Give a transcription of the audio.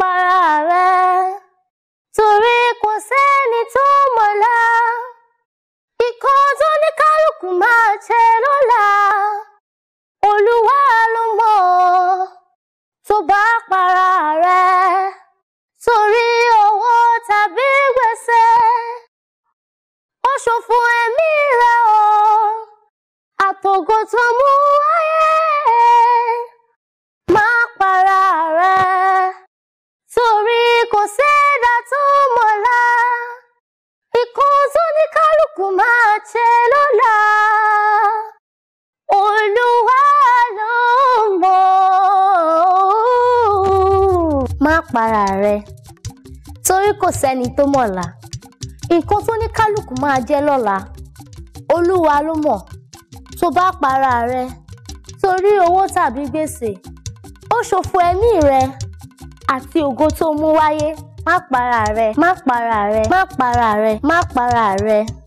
para rẹ̀ torí kò sẹ́ni tó mọ̀la ikọ̀ tó ní kálukú máa jẹ lọ́la olúwa ló mọ̀ tó bá para rẹ̀ torí owó tàbí gbèsè ó ṣòfò ẹ̀mí rẹ̀ o àtògò tó mú wáyé. kò sẹ́dá tó mọ̀la ìkan tó ní kálukú máa ṣe lọ́la olúwa ló re, má para rẹ torí kò sẹ́ni tó mọ̀la nǹkan tó ní kálukú máa jẹ́ lọ́la olúwa ló mọ̀ tó bá para rẹ torí owó tàbí gbèsè ó ṣòfò ẹ̀mí rẹ àti ògo tó mú wáyé má para rẹ má para rẹ má para rẹ má para rẹ.